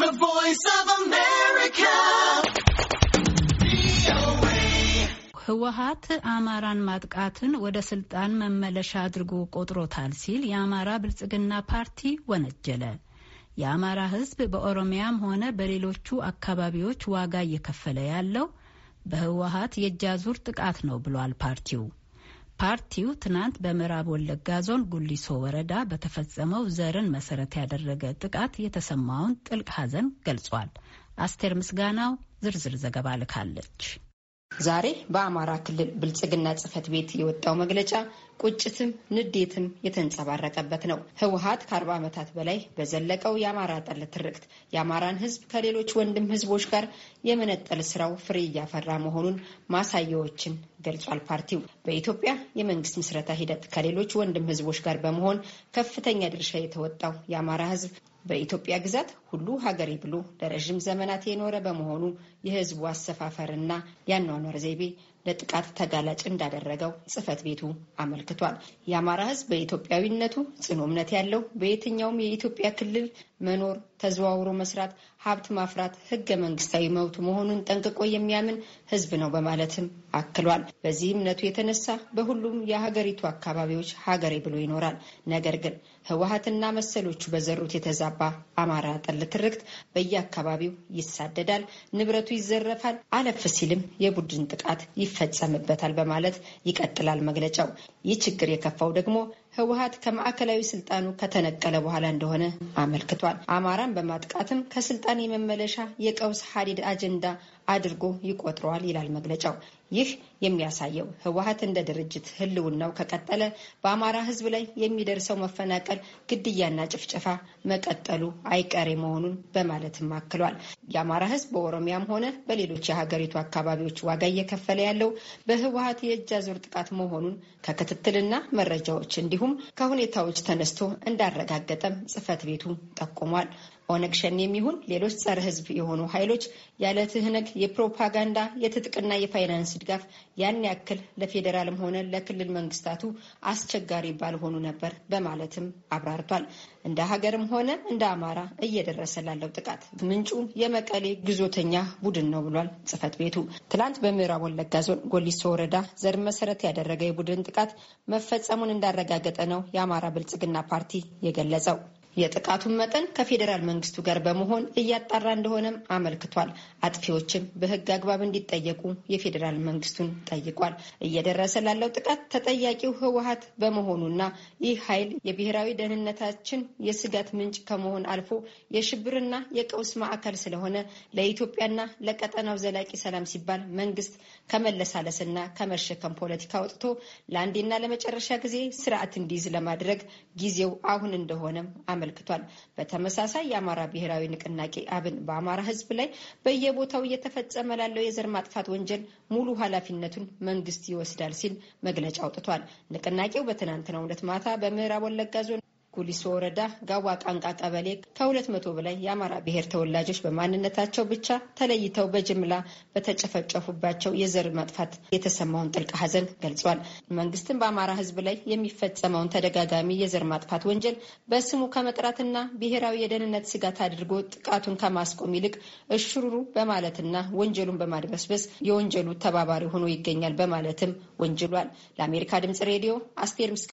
The Voice of America. ህወሀት አማራን ማጥቃትን ወደ ስልጣን መመለሻ አድርጎ ቆጥሮታል ሲል የአማራ ብልጽግና ፓርቲ ወነጀለ። የአማራ ህዝብ በኦሮሚያም ሆነ በሌሎቹ አካባቢዎች ዋጋ እየከፈለ ያለው በህወሀት የእጅ አዙር ጥቃት ነው ብሏል ፓርቲው። ፓርቲው ትናንት በምዕራብ ወለጋ ዞን ጉሊሶ ወረዳ በተፈጸመው ዘርን መሰረት ያደረገ ጥቃት የተሰማውን ጥልቅ ሐዘን ገልጿል። አስቴር ምስጋናው ዝርዝር ዘገባ ልካለች። ዛሬ በአማራ ክልል ብልጽግና ጽህፈት ቤት የወጣው መግለጫ ቁጭትም ንዴትም የተንጸባረቀበት ነው። ህወሀት ከአርባ ዓመታት በላይ በዘለቀው የአማራ ጠል ትርክት የአማራን ህዝብ ከሌሎች ወንድም ህዝቦች ጋር የመነጠል ስራው ፍሬ እያፈራ መሆኑን ማሳያዎችን ገልጿል። ፓርቲው በኢትዮጵያ የመንግስት ምስረታ ሂደት ከሌሎች ወንድም ህዝቦች ጋር በመሆን ከፍተኛ ድርሻ የተወጣው የአማራ ህዝብ በኢትዮጵያ ግዛት ሁሉ ሀገሬ ብሎ ለረዥም ዘመናት የኖረ በመሆኑ የህዝቡ አሰፋፈርና ያኗኗር ዘይቤ ለጥቃት ተጋላጭ እንዳደረገው ጽህፈት ቤቱ አመልክቷል። የአማራ ህዝብ በኢትዮጵያዊነቱ ጽኑ እምነት ያለው በየትኛውም የኢትዮጵያ ክልል መኖር፣ ተዘዋውሮ መስራት፣ ሀብት ማፍራት ህገ መንግስታዊ መብቱ መሆኑን ጠንቅቆ የሚያምን ህዝብ ነው በማለትም አክሏል። በዚህ እምነቱ የተነሳ በሁሉም የሀገሪቱ አካባቢዎች ሀገሬ ብሎ ይኖራል። ነገር ግን ህወሀትና መሰሎቹ በዘሩት የተዛባ አማራ ጠል ትርክት በየአካባቢው ይሳደዳል፣ ንብረቱ ይዘረፋል፣ አለፍ ሲልም የቡድን ጥቃት ይፈጸምበታል በማለት ይቀጥላል መግለጫው። ይህ ችግር የከፋው ደግሞ ህወሀት ከማዕከላዊ ስልጣኑ ከተነቀለ በኋላ እንደሆነ አመልክቷል። አማራን በማጥቃትም ከስልጣን የመመለሻ የቀውስ ሀዲድ አጀንዳ አድርጎ ይቆጥረዋል ይላል መግለጫው። ይህ የሚያሳየው ህወሀት እንደ ድርጅት ህልውናው ከቀጠለ በአማራ ህዝብ ላይ የሚደርሰው መፈናቀል፣ ግድያና ጭፍጨፋ መቀጠሉ አይቀሬ መሆኑን በማለትም አክሏል። የአማራ ህዝብ በኦሮሚያም ሆነ በሌሎች የሀገሪቱ አካባቢዎች ዋጋ እየከፈለ ያለው በህወሀት የእጅ አዙር ጥቃት መሆኑን ከክትትልና መረጃዎች እንዲሁ እንዲሁም ከሁኔታዎች ተነስቶ እንዳረጋገጠም ጽህፈት ቤቱ ጠቁሟል። ኦነግ ሸኔ የሚሆን ሌሎች ጸረ ህዝብ የሆኑ ኃይሎች ያለ ትህነግ የፕሮፓጋንዳ የትጥቅና የፋይናንስ ድጋፍ ያን ያክል ለፌዴራልም ሆነ ለክልል መንግስታቱ አስቸጋሪ ባልሆኑ ነበር በማለትም አብራርቷል። እንደ ሀገርም ሆነ እንደ አማራ እየደረሰ ላለው ጥቃት ምንጩ የመቀሌ ግዞተኛ ቡድን ነው ብሏል ጽህፈት ቤቱ። ትላንት በምዕራብ ወለጋ ዞን ጎሊሶ ወረዳ ዘር መሰረት ያደረገ የቡድን ጥቃት መፈጸሙን እንዳረጋገጠ ነው የአማራ ብልጽግና ፓርቲ የገለጸው። የጥቃቱን መጠን ከፌዴራል መንግስቱ ጋር በመሆን እያጣራ እንደሆነም አመልክቷል። አጥፊዎችም በህግ አግባብ እንዲጠየቁ የፌዴራል መንግስቱን ጠይቋል። እየደረሰ ላለው ጥቃት ተጠያቂው ህወሀት በመሆኑና ይህ ኃይል የብሔራዊ ደህንነታችን የስጋት ምንጭ ከመሆን አልፎ የሽብርና የቀውስ ማዕከል ስለሆነ ለኢትዮጵያና ለቀጠናው ዘላቂ ሰላም ሲባል መንግስት ከመለሳለስና ከመሸከም ፖለቲካ ወጥቶ ለአንዴና ለመጨረሻ ጊዜ ስርዓት እንዲይዝ ለማድረግ ጊዜው አሁን እንደሆነም አመልክቷል። በተመሳሳይ የአማራ ብሔራዊ ንቅናቄ አብን በአማራ ህዝብ ላይ በየቦታው እየተፈጸመ ላለው የዘር ማጥፋት ወንጀል ሙሉ ኃላፊነቱን መንግስት ይወስዳል ሲል መግለጫ አውጥቷል። ንቅናቄው በትናንትናው ዕለት ማታ በምዕራብ ወለጋ ዞን ጉሊሶ ወረዳ ጋዋ ቃንቃ ቀበሌ ከሁለት መቶ በላይ የአማራ ብሔር ተወላጆች በማንነታቸው ብቻ ተለይተው በጅምላ በተጨፈጨፉባቸው የዘር ማጥፋት የተሰማውን ጥልቅ ሐዘን ገልጿል። መንግስትም በአማራ ሕዝብ ላይ የሚፈጸመውን ተደጋጋሚ የዘር ማጥፋት ወንጀል በስሙ ከመጥራትና ብሔራዊ የደህንነት ስጋት አድርጎ ጥቃቱን ከማስቆም ይልቅ እሽሩሩ በማለትና ወንጀሉን በማድበስበስ የወንጀሉ ተባባሪ ሆኖ ይገኛል በማለትም ወንጅሏል። ለአሜሪካ ድምጽ ሬዲዮ አስቴር ምስ